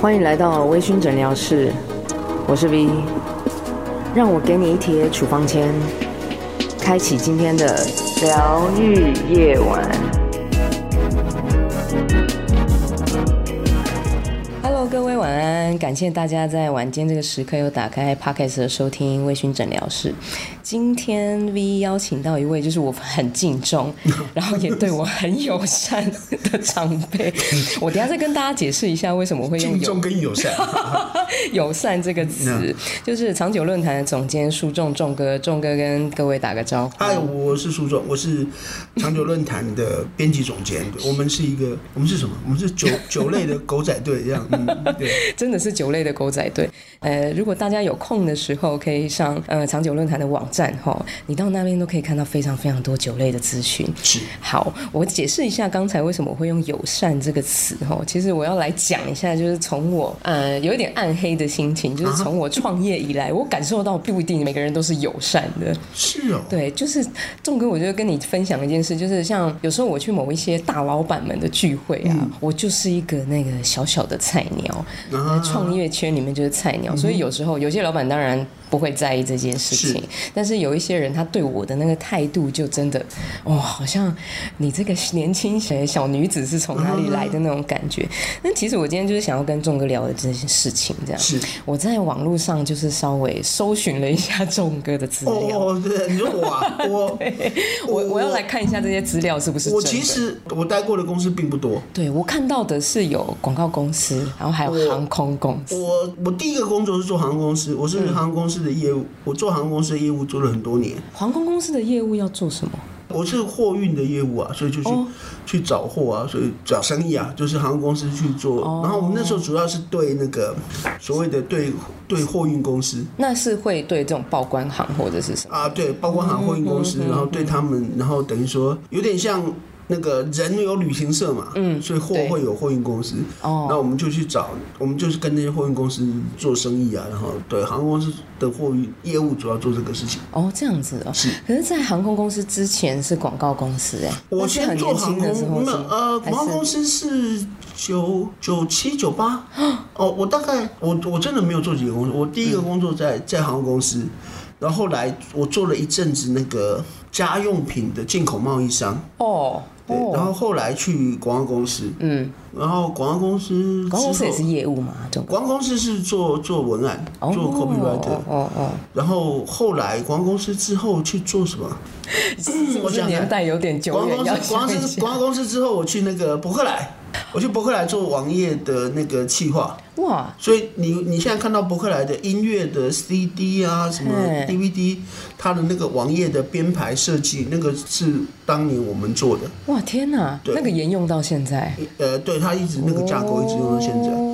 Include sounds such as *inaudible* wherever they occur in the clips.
歡迎來到微醺診療室，我是 V，讓我給你一貼處方簽，開啟今天的療癒夜晚。Hello，各位晚安，感謝大家在晚間這個時刻又打開 Podcast 收聽微醺診療室。今天 V 邀請到一位，就是我很敬重， *laughs* 然後也對我很友善的長輩。我等下再跟大家解釋一下為什麼會用敬重跟友善。 *laughs* 友善這個詞，啊，就是藏酒論壇的總監蘇重重哥，重哥跟各位打個招呼。嗨，我是蘇重，我是藏酒論壇的編輯總監 *laughs* 對。我們是一個，我們是什麼？我們是酒酒類的狗仔隊一樣，嗯，對。真的是酒類的狗仔隊。呃，如果大家有空的時候，可以上呃藏酒論壇的網站哈、哦，你到那邊都可以看到非常非常多酒類的資訊。是，好，我解釋一下剛才為什麼我會用友善這個詞哈、哦。其實我要來講一下，就是從我嗯、呃、有一點暗黑的心情，就是從我創業以來，啊、我感受到不一定每個人都是友善的。是啊、哦，對，就是，重哥，我就跟你分享一件事，就是像有時候我去某一些大老闆們的聚會啊，嗯、我就是一個那個小小的菜鳥，啊、在創業圈裡面就是菜鳥，嗯、哼所以有時候有些老闆當然。不會在意這件事情，是但是有一些人，他對我的那個態度就真的，哇、哦，好像你這個年輕小小女子是從哪裡來的那種感覺。那、嗯、其實我今天就是想要跟重哥聊的這些事情，這樣。是我在網絡上就是稍微搜尋了一下重哥的資料。哦，對，你說我、啊、我 *laughs* 對我我，我，我要來看一下這些資料是不是我？我其實我待過的公司並不多。對，我看到的是有廣告公司，然後還有航空公司。我我，我第一個工作是做航空公司，我是航空公司、嗯。的業務，我做航空公司的業務做了很多年。航空公,公司的業務要做什麼？我是貨運的業務啊，所以就去、oh. 去找貨啊，所以找生意啊，就是航空公司去做。Oh. 然後我們那時候主要是對那個所謂的對對貨運公司，那是會對這種報關行或者是什麼啊？對，報關行貨運公司，mm hmm. 然後對他們，然後等於說有點像。那個人有旅行社嘛？嗯，所以貨會有貨運公司。哦對，那我們就去找，哦、我們就是跟那些貨運公司做生意啊。然後對，對航空公司的、的貨運業務主要做這個事情。哦，這樣子哦。是。可是，在航空公司之前是廣告公司哎、欸。我先做航空公司呃，廣告公司是九是九七九八。哦，我大概我我真的沒有做幾個公司，我第一個工作在在航空公司，嗯、然後來我做了一陣子那個家用品的進口貿易商。哦。對，然後後來去廣告公司，嗯，然後廣告公司之後公司也是業務嘛，廣告公司是做做文案，oh, 做 copywriter，哦哦，oh, oh. 然後後來廣告公司之後去做什麼？我講年代有點久了。廣告公司廣告公司之後，我去那個博客來。我去博客來做網頁的那個企劃，哇！所以你你現在看到博客來的音樂的 CD 啊，什麼 DVD，嘿它的那個網頁的編排設計，那個是當年我們做的，哇！天哪，對那個沿用到現在，呃，對，它一直那個架構一直用到現在。哦。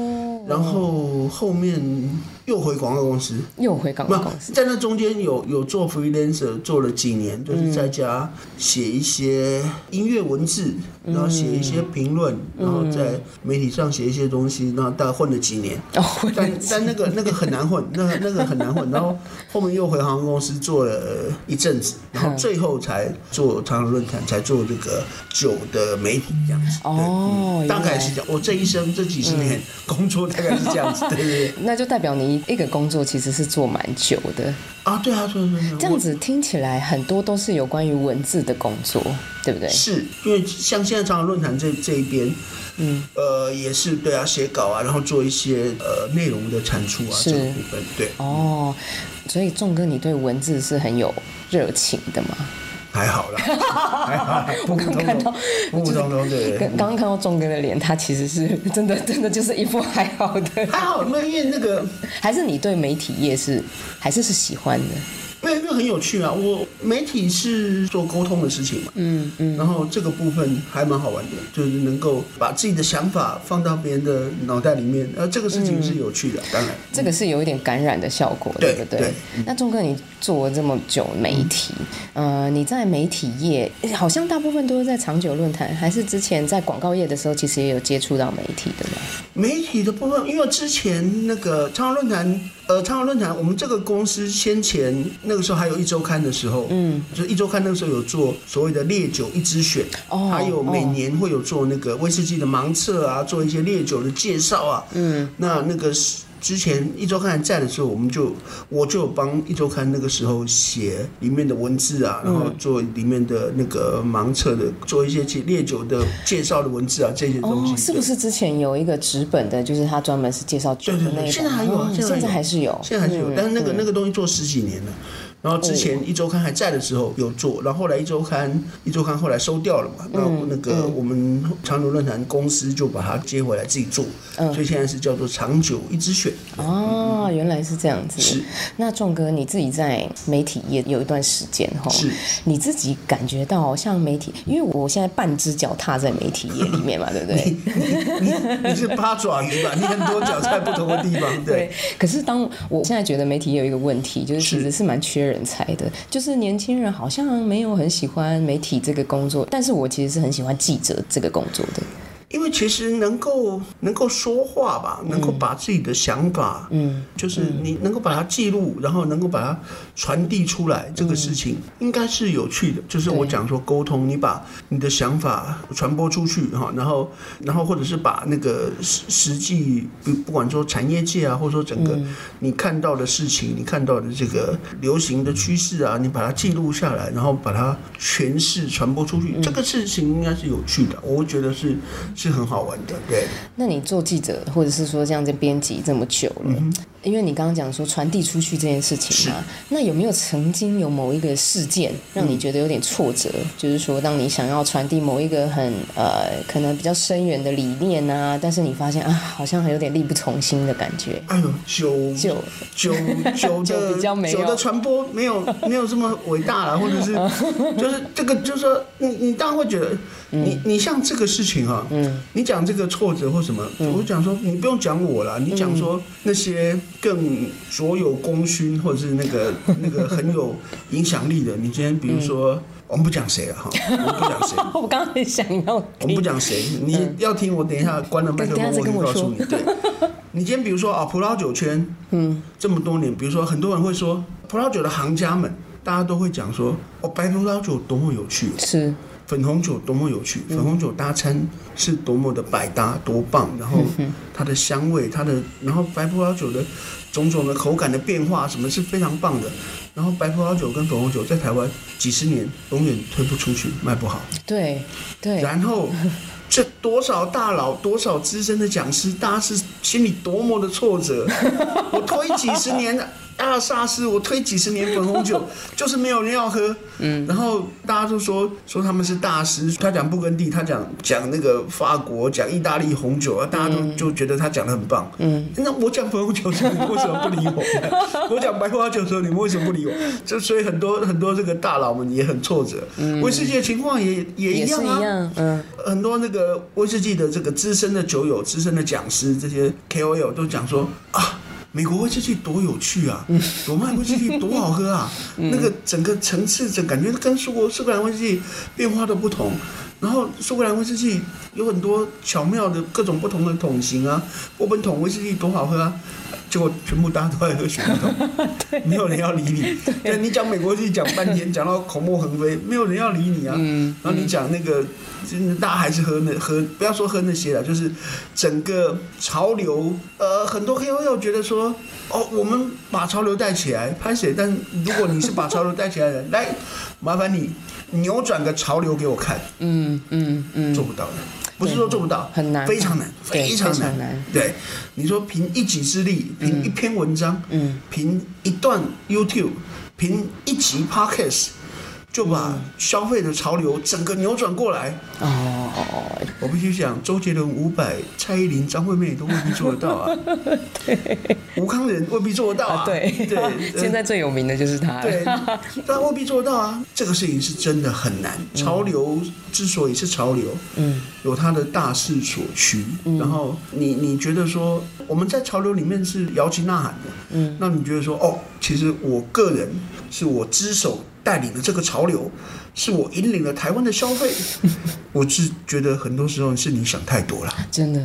然後後面又回廣告公司，又回廣告公司。在那中間有有做 freelancer，做了幾年，就是在家寫一些音樂文字，嗯、然後寫一些評論，嗯、然後在媒體上寫一些東西，然後大概混了幾年。哦、但但那個那個很難混， *laughs* 那個那個很難混。然後後面又回航空公司做了一陣子，然後最後才做藏酒論壇，才做這個酒的媒體這樣子。哦，嗯、來大概是這樣，我這一生這幾十年工作。 *laughs* 大概是這樣子，對對對。那就代表你一個工作其實是做蠻久的啊！對啊，對啊對對、啊，這樣子聽起來很多都是有關於文字的工作，對不對？是，因為像現在藏酒論壇這這一邊，嗯，呃，也是對啊，寫稿啊，然後做一些呃內容的產出啊，是對。哦，所以重哥，你對文字是很有熱情的嗎？還好啦，哈哈哈哈哈。 *laughs* 我剛看到，我剛剛看到重哥的臉，他其實是真的，真的就是一副還好的。還好，那 *laughs* 因為那個，還是你對媒體業是，還是是喜歡的。因為很有趣啊，我媒體是做溝通的事情嘛，嗯嗯，嗯然後這個部分還蠻好玩的，就是能夠把自己的想法放到別人的腦袋裡面，呃，這個事情是有趣的，嗯、當然這個是有一點感染的效果，嗯、對對對，對對嗯、那重哥，你做了這麼久媒體，嗯、呃，你在媒體業好像大部分都是在藏酒論壇，還是之前在廣告業的時候，其實也有接觸到媒體的嗎？媒體的部分，因為之前那個藏酒論壇。呃，藏酒論壇，我們這個公司先前那個時候還有一周刊的時候，嗯，就一周刊那個時候有做所謂的烈酒一支選，哦，還有每年會有做那個威士忌的盲測啊，做一些烈酒的介紹啊，嗯，那那個之前一周刊在的時候，我們就我就有幫一周刊那個時候寫裡面的文字啊，嗯、然後做裡面的那個盲測的，做一些酒烈酒的介紹的文字啊，這些東西、哦。是不是之前有一個紙本的，就是他專門是介紹酒的那個？現在還有、啊，嗯、現在還是有，現在還是有，是有對但是那個對那個東西做十幾年了。然後之前一周刊還在的時候有做，然後後來一周刊一周刊後來收掉了嘛，那、嗯、那個我們藏酒論壇公司就把它接回來自己做，嗯，所以現在是叫做藏酒一直選。哦，嗯、原來是這樣子。是那重哥你自己在媒體業有一段時間哈，是。你自己感覺到像媒體，因為我現在半只腳踏在媒體業裡面嘛， *laughs* 對不對你你？你是八爪魚吧？你很多腳在不同的地方。對,對。可是當我現在覺得媒體也有一個問題，就是其實是蠻缺人的。人才的，就是年輕人好像沒有很喜歡媒體這個工作，但是我其實是很喜歡記者這個工作的。因為其實能夠能夠說話吧，嗯、能夠把自己的想法，嗯，嗯就是你能夠把它記錄，然後能夠把它傳遞出來，嗯、這個事情應該是有趣的。就是我講說溝通，對你把你的想法傳播出去哈，然後然後或者是把那個實實際不，不管說產業界啊，或者說整個你看到的事情，嗯、你看到的這個流行的趨勢啊，嗯、你把它記錄下來，然後把它詮釋傳播出去，嗯、這個事情應該是有趣的。我覺得是。是很好玩的，對。那你做記者，或者是說像這樣編輯這麼久了？嗯因為你剛剛講說傳遞出去這件事情嘛，那有沒有曾經有某一個事件讓你覺得有點挫折？就是說，當你想要傳遞某一個很呃，可能比較深遠的理念啊。但是你發現啊，好像還有點力不從心的感覺。哎呦，九九九九的九的傳播沒有沒有這麼偉大啦，或者是就是這個，就是說你你當然會覺得你你像這個事情啊，嗯，你講這個挫折或什麼，我講說你不用講我啦，你講說那些。更卓有功勳，或者是那個那個很有影響力的。你今天，比如說，嗯、我們不講誰了哈，我， *laughs* 我，剛剛我們不講誰。我剛剛想要，我們不講誰，你要聽我等一下關了麥克風，嗯、我再告訴你。對，你今天比如說啊，葡萄酒圈，嗯，這麼多年，比如說很多人會說，葡萄酒的行家們，大家都會講說，哦，白葡萄酒多麼有趣。是。粉紅酒多麼有趣，粉紅酒搭餐是多麼的百搭，多棒！然後它的香味，它的然後白葡萄酒的種種的口感的變化，什麼是非常棒的。然後白葡萄酒跟粉紅酒在台灣幾十年永遠推不出去，賣不好。對對。對，然後這多少大佬，多少資深的講師，大家是心裡多麼的挫折！我推幾十年了。 *laughs* 啊，沙師！我推幾十年粉紅酒， *laughs* 就是沒有人要喝。嗯，然後大家就說說他們是大師，他講布根地，他講講那個法國，講意大利紅酒啊，大家都就覺得他講得很棒。嗯，那我講粉紅酒的時候，你為什麼不理我？ *laughs* 我講白花酒的時候，你們為什麼不理我？就所以很多很多這個大佬們也很挫折。嗯、威士忌的情況也也一樣，啊、也一樣嗯，很多那個威士忌的這個資深的酒友、資深的講師這些 KOL 都講說、嗯、啊。美國威士忌多有趣啊！羅曼威士忌多好喝啊！ *laughs* 那個整個層次，整感覺跟蘇格蘇格蘭威士忌變化都不同。然後蘇格蘭威士忌有很多巧妙的各種不同的桶型啊，波本桶威士忌多好喝啊！結果全部大家都在喝雪碧桶，沒有人要理你。 *laughs* 對，你講美國去講半天，講到口沫橫飛，沒有人要理你啊。嗯。然後你講那個，大家還是喝那喝，不要說喝那些了，就是整個潮流，呃，很多黑友又覺得說，哦，我們把潮流帶起來，潘水。但如果你是把潮流帶起來的人，來，麻煩你扭轉個潮流給我看 *laughs* 嗯。嗯嗯嗯。做不到的。不是說做不到，很難，非常難，非常難。對，非常難。對，你說憑一己之力，憑一篇文章，憑、嗯嗯、一段 YouTube，憑一集 Podcast、嗯。就把消費的潮流整個扭轉過來哦、嗯！Oh、我必須講，周杰倫、伍佰、蔡依林、張惠妹都未必做得到啊。 *laughs* 對，吳康仁未必做得到啊。對、uh, 對，對呃、現在最有名的就是他。 *laughs* 對，但未必做得到啊。這個事情是真的很難。潮流之所以是潮流， *laughs* 嗯，有它的大勢所趨。然後你你覺得說我們在潮流裡面是搖旗吶喊的， *laughs* 嗯，那你覺得說哦，其實我個人是我之手。帶領的這個潮流。是我引領了台灣的消費，我是覺得很多時候是你想太多了。 *laughs* 真的，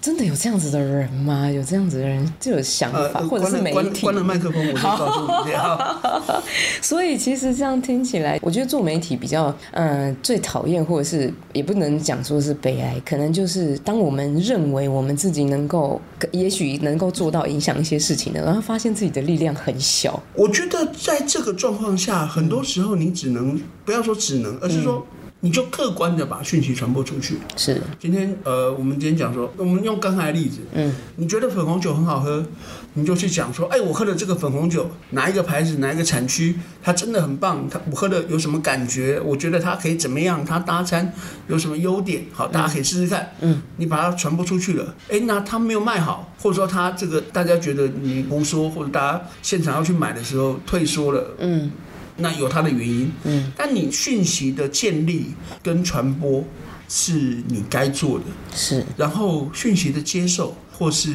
真的有這樣子的人嗎？有這樣子的人就有想法，呃、或者是媒體關，關了麥克風我就告訴你。所以其實這樣聽起來，我覺得做媒體比較，嗯、呃，最討厭或者是也不能講說是悲哀，可能就是當我們認為我們自己能夠，也許能夠做到影響一些事情的，然後發現自己的力量很小。我覺得在這個狀況下，很多時候你只能不要。他說只能，而是說，你就客觀的把訊息傳播出去。是，今天，呃，我們今天講說，我們用剛才的例子，嗯，你覺得粉紅酒很好喝，你就去講說，哎，我喝的這個粉紅酒，哪一個牌子，哪一個產區，它真的很棒，它我喝的有什麼感覺？我覺得它可以怎麼樣？它搭餐有什麼優點？好，大家可以試試看，嗯，你把它傳播出去了，哎，那它沒有賣好，或者說它這個大家覺得你胡說，或者大家現場要去買的時候退縮了，嗯。那有它的原因，嗯，但你訊息的建立跟傳播是你該做的，是，然後訊息的接受。或是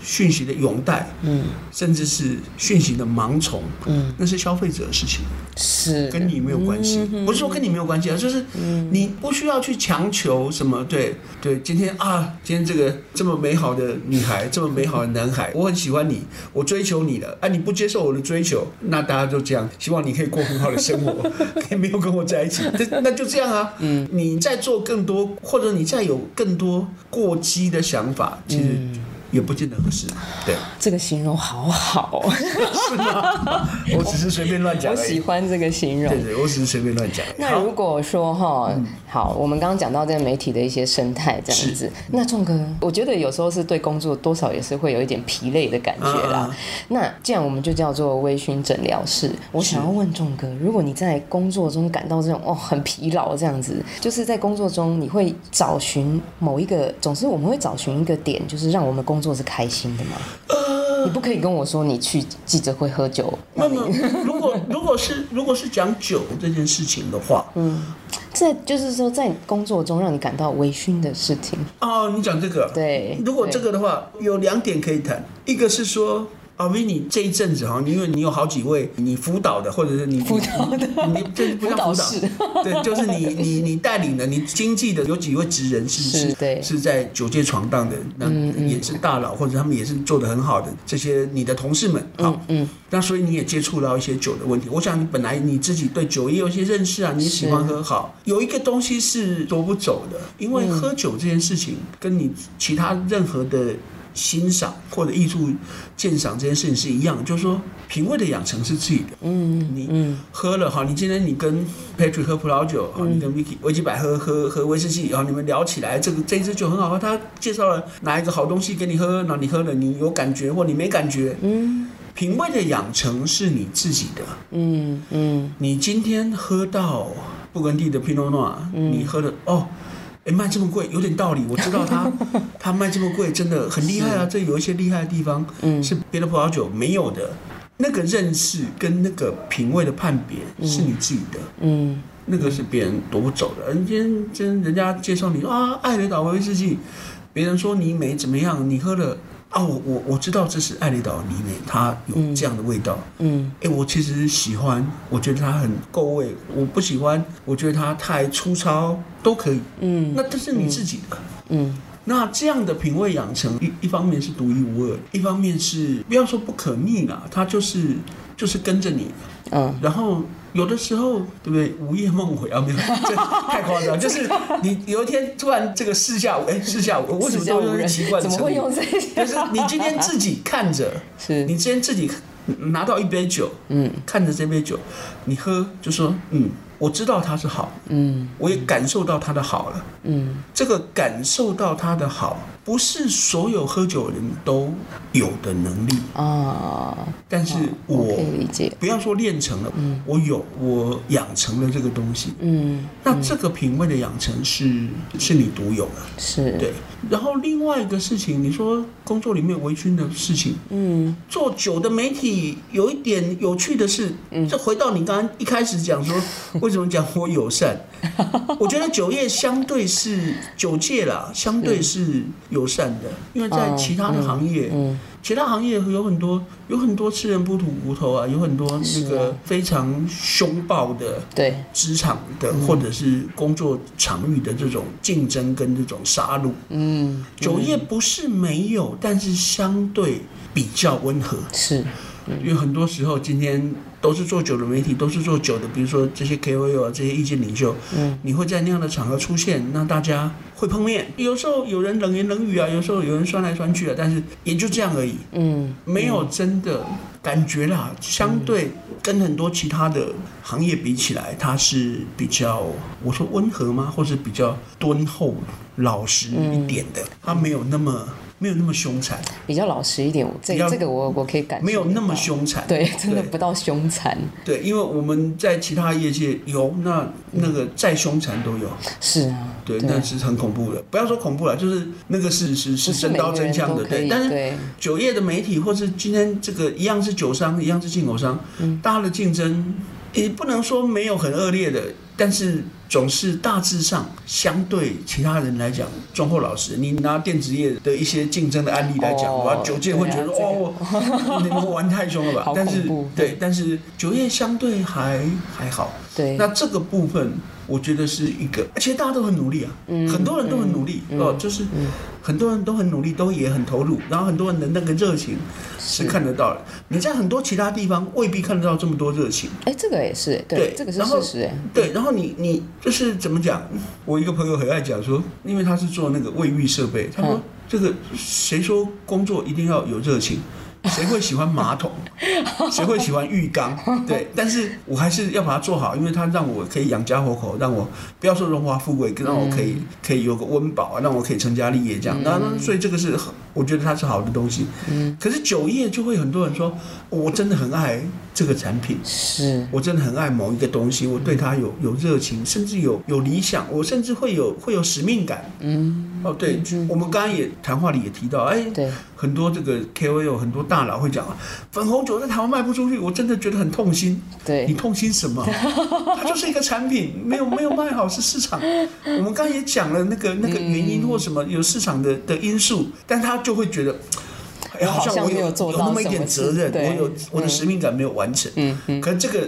訊息的擁戴，嗯，甚至是訊息的盲從，嗯，那是消費者的事情，是的跟你沒有關係，不是說跟你沒有關係啊，就是，你不需要去強求什麼，對對，今天啊，今天這個這麼美好的女孩，這麼美好的男孩，我很喜歡你，我追求你了，啊，你不接受我的追求，那大家就這樣，希望你可以過很好的生活， *laughs* 可以沒有跟我在一起，那就這樣啊，嗯，你再做更多，或者你再有更多過激的想法，其實。嗯也不見得合適，對、啊。這個形容好好、喔 *laughs* 是嗎？我只是隨便亂講。我喜歡這個形容。對，對對，我只是隨便亂講。那如果說哈，好，好，我們剛剛講到這個媒體的一些生態這樣子，是那重哥，我覺得有時候是對工作多少也是會有一點疲累的感覺啦。嗯嗯，那既然我們就叫做微醺診療室，是我想要問重哥，如果你在工作中感到這種哦很疲勞這樣子，就是在工作中你會找尋某一個，總之我們會找尋一個點，就是讓我們工作工作是開心的嗎？你不可以跟我說你去記者會喝酒。那麼，如果如果是如果是講酒這件事情的話，嗯，這就是說在工作中讓你感到微醺的事情。哦，你講這個，對。如果這個的話，有兩點可以談，一個是說。啊，比如你這一陣子哈，因為你有好幾位你輔導的，或者是你輔導的，你這，就是不像輔導，輔導對，就是你你你帶領的，你經濟的有幾位職人是不是？是，對是在酒界闖蕩的，那、嗯嗯、也是大佬，或者他們也是做得很好的這些你的同事們好嗯，嗯那所以你也接觸到一些酒的問題。我想你本來你自己對酒也有一些認識啊，你也喜歡喝好，是有一個東西是奪不走的，因為喝酒這件事情跟你其他任何的、嗯。嗯欣賞或者藝術鑑賞這件事情是一樣，就是說品味的養成是自己的。嗯，你喝了哈，你今天你跟 Patrick 喝葡萄酒，啊，你跟 Vicky 維基百合喝喝喝威士忌，然後你們聊起來，這個這一支酒很好喝，他介紹了哪一個好東西給你喝，然後你喝了，你有感覺或你沒感覺。嗯，品味的養成是你自己的。嗯嗯，你今天喝到布根地的 Pinot Noir，你喝的哦。哎、欸，賣這麼貴有點道理，我知道他 *laughs* 他賣這麼貴真的很厲害啊，是這有一些厲害的地方，嗯、是別的葡萄酒沒有的。那個認識跟那個品味的判別是你自己的，嗯，那個是別人奪不走的。人今天今天人家介紹你啊，艾雷島威士忌，別人說你沒怎麼樣，你喝了。啊，我我我知道，這是艾雷島裡面，它有這樣的味道。嗯，哎、嗯欸，我其實喜歡，我覺得它很夠味；我不喜歡，我覺得它太粗糙，都可以。嗯，那這是你自己的可能。嗯。嗯嗯那這樣的品味養成，一一方面是獨一無二，一方面是不要說不可逆了、啊，它就是就是跟着你嗯，然後有的時候，對不對？午夜夢回啊，沒有，這太誇張。這個 就是你有一天突然這個試下午，哎，四下我怎麼就用習慣？怎麼會用這些？就是你今天自己看着，是你今天自己拿到一杯酒，嗯，看着這杯酒，你喝就說嗯。我知道他是好，嗯，我也感受到他的好了，嗯，這個感受到他的好。不是所有喝酒的人都有的能力啊，但是我不要說練成了，嗯，我有，我養成了這個東西，嗯，嗯，那這個品味的養成是是你獨有的，是對。然後另外一個事情，你說工作裡面微醺的事情，嗯，做酒的媒體有一點有趣的是，這、嗯、回到你剛剛一開始講說，為什麼講我友善？ *laughs* *laughs* 我覺得酒業相對是酒界啦，相對是友善的，是因為在其他的行業，嗯嗯、其他行業有很多有很多吃人不吐骨頭啊，有很多那個非常兇暴的對職場的、啊、或者是工作場域的這種競爭跟這種殺戮。嗯，酒業不是沒有，但是相對比較溫和。是。因為很多時候，今天都是做酒的媒體，都是做酒的。比如說這些 KOL 啊，這些意見領袖，嗯，你會在那樣的場合出現，那大家會碰面。有時候有人冷言冷語啊，有時候有人酸來酸去啊，但是也就這樣而已，嗯，沒有真的感覺啦。嗯、相對跟很多其他的行業比起來，它是比較，我說溫和嗎，或是比較敦厚、老實一點的，嗯、它沒有那麼。沒有那麼兇殘，比較老實一點。這這個我我可以感受。沒有那麼兇殘，對，真的不到兇殘。對，因為我們在其他業界有那那個再兇殘都有。是啊，對，那是很恐怖的。不要說恐怖了，就是那個是是是真刀真槍的。對，但是酒業的媒體或是今天這個一樣是酒商，一樣是進口商，大家的競爭也不能說沒有很惡劣的，但是。總是大致上相對其他人來講，忠厚老實，你拿電子業的一些競爭的案例來講，哇，酒業會覺得哦，你們玩太凶了吧？但是對，但是酒業相對還還好。對，那這個部分我覺得是一個，而且大家都很努力啊，很多人都很努力哦，就是很多人都很努力，都也很投入，然後很多人的那個熱情是看得到的。你在很多其他地方未必看得到這麼多熱情。哎，這個也是，對，這個是事實。對，然後你你。就是怎麼講？我一個朋友很愛講說，因為他是做那個衛浴設備，他說這個誰說工作一定要有熱情？誰會喜歡馬桶？誰會喜歡浴缸？對，但是我還是要把它做好，因為它讓我可以養家活口，讓我不要說榮華富貴，讓我可以可以有個溫飽，讓我可以成家立業這樣。那所以這個是我覺得它是好的東西。可是酒業就會很多人說，我真的很愛。這個產品是我真的很愛某一個東西，嗯、我對它有有熱情，甚至有有理想，我甚至會有會有使命感。嗯，哦，對，嗯、我們剛剛也談話裡也提到，哎、欸，對，很多這個 KOL 有很多大佬會講粉紅酒在台灣賣不出去，我真的覺得很痛心。對，你痛心什麼？它就是一個產品，沒有沒有賣好 *laughs* 是市場。我們剛剛也講了那個那個原因或什麼、嗯、有市場的的因素，但他就會覺得。欸、好像我好像有有那麼一點責任，我有我的使命感沒有完成，嗯嗯，嗯嗯，可能這個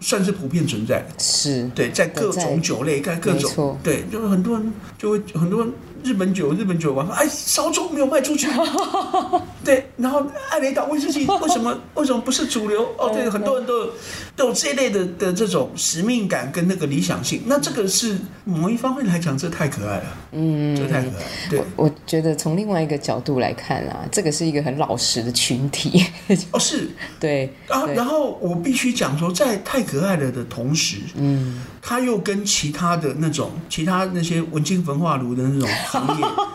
算是普遍存在，是對，在各種酒類，在各種沒錯，對，就是很多人就會很多人。日本酒，日本酒，哎，燒酒沒有賣出去，oh、對，然後艾雷島威士忌，為什麼，oh、為什麼不是主流？哦，oh、對，很多人都有，、oh、都有這一類的的這種使命感跟那個理想性，那這個是某一方面來講，這太可愛了，嗯，這太可愛了，對，我。我覺得從另外一個角度來看啊，這個是一個很老實的群體， *laughs* 對哦，是，對啊，對，然後我必須講說，在太可愛了的同時，嗯，他又跟其他的那種，其他那些文青焚化爐的那種。行業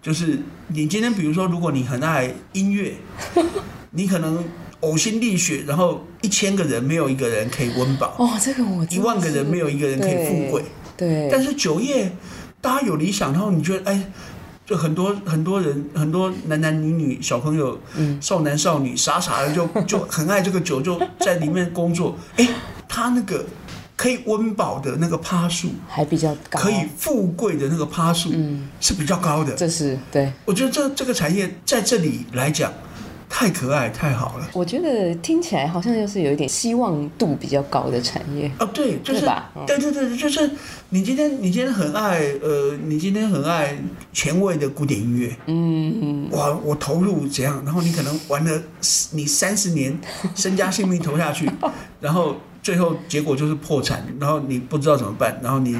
就是你今天，比如說，如果你很愛音樂，你可能嘔心瀝血，然後一千個人沒有一個人可以溫飽。哦，這個我一萬個人沒有一個人可以富貴。對。但是酒業，大家有理想，然後你覺得，哎、欸，就很多很多人，很多男男女女小朋友，嗯、少男少女，傻傻的就就很愛這個酒，就在裡面工作。哎、 *laughs* 欸，他那個。可以溫飽的那個趴數還比較高、啊，可以富貴的那個趴數是比較高的。嗯、這是對，我覺得這這個產業在這裡來講，太可愛太好了。我覺得聽起來好像就是有一點希望度比較高的產業啊、哦，對，就是，對吧，對對對，就是，你今天你今天很愛呃，你今天很愛前衛的古典音樂，嗯，我我投入怎樣，然後你可能玩了你三十年，身家性命投下去， *laughs* 然後。最後結果就是破產，然後你不知道怎麼辦，然後你，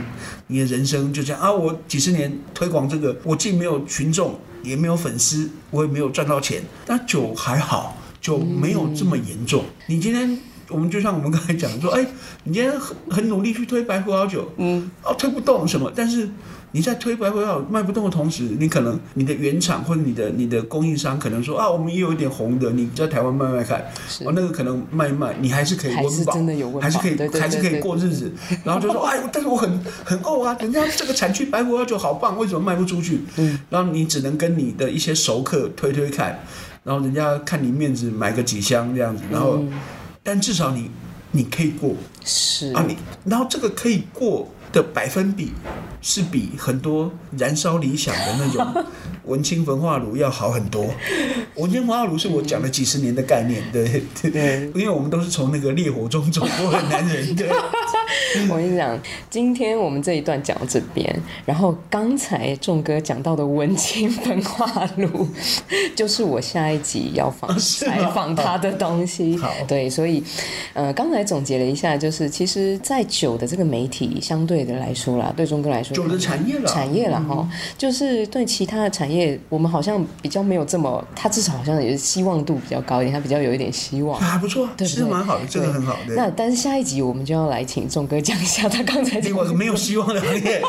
你的人生就這樣啊！我幾十年推廣這個，我既沒有群眾，也沒有粉絲，我也沒有賺到錢。但酒還好，酒沒有這麼嚴重。嗯、你今天我們就像我們剛才講說，哎、欸，你今天很很努力去推白葡萄酒，嗯，哦，推不動什麼，但是。你在推白葡萄賣不動的同時，你可能你的原廠或者你的你的供應商可能說啊，我們也有一點紅的，你在台灣賣賣看，我是、哦、那個可能賣一賣，你還是可以溫飽還是真的有溫飽還是可以還是可以過日子。然後就說 *laughs* 哎，但是我很很嘔啊，人家這個產區白葡萄酒好棒，為什麼賣不出去？嗯、然後你只能跟你的一些熟客推推看，然後人家看你面子買個幾箱這樣子。然後、嗯、但至少你你可以過是啊你，你然後這個可以過的百分比。是比很多燃燒理想的那種。文青焚化爐要好很多，文青焚化爐是我講了幾十年的概念，嗯、對對，對，因為我們都是從那個烈火中走過的男人。對 *laughs* 我跟你講，今天我們這一段講到這邊，然後剛才重哥講到的文青焚化爐，就是我下一集要訪、啊、採訪他的東西。好對，所以、呃，剛才總結了一下，就是其實，在酒的這個媒體相對的來說啦，對重哥來說，酒的產業啦，產業啦哈，嗯、就是對其他的產業。也我們好像比較沒有這麼，他至少好像也是希望度比較高一點，他比較有一點希望，還不錯，真的蠻好的，真的很好。對對那但是下一集我們就要來請重哥講一下他剛才結果是沒有希望的行業。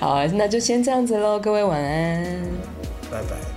好，那就先這樣子嘍，各位晚安，拜拜。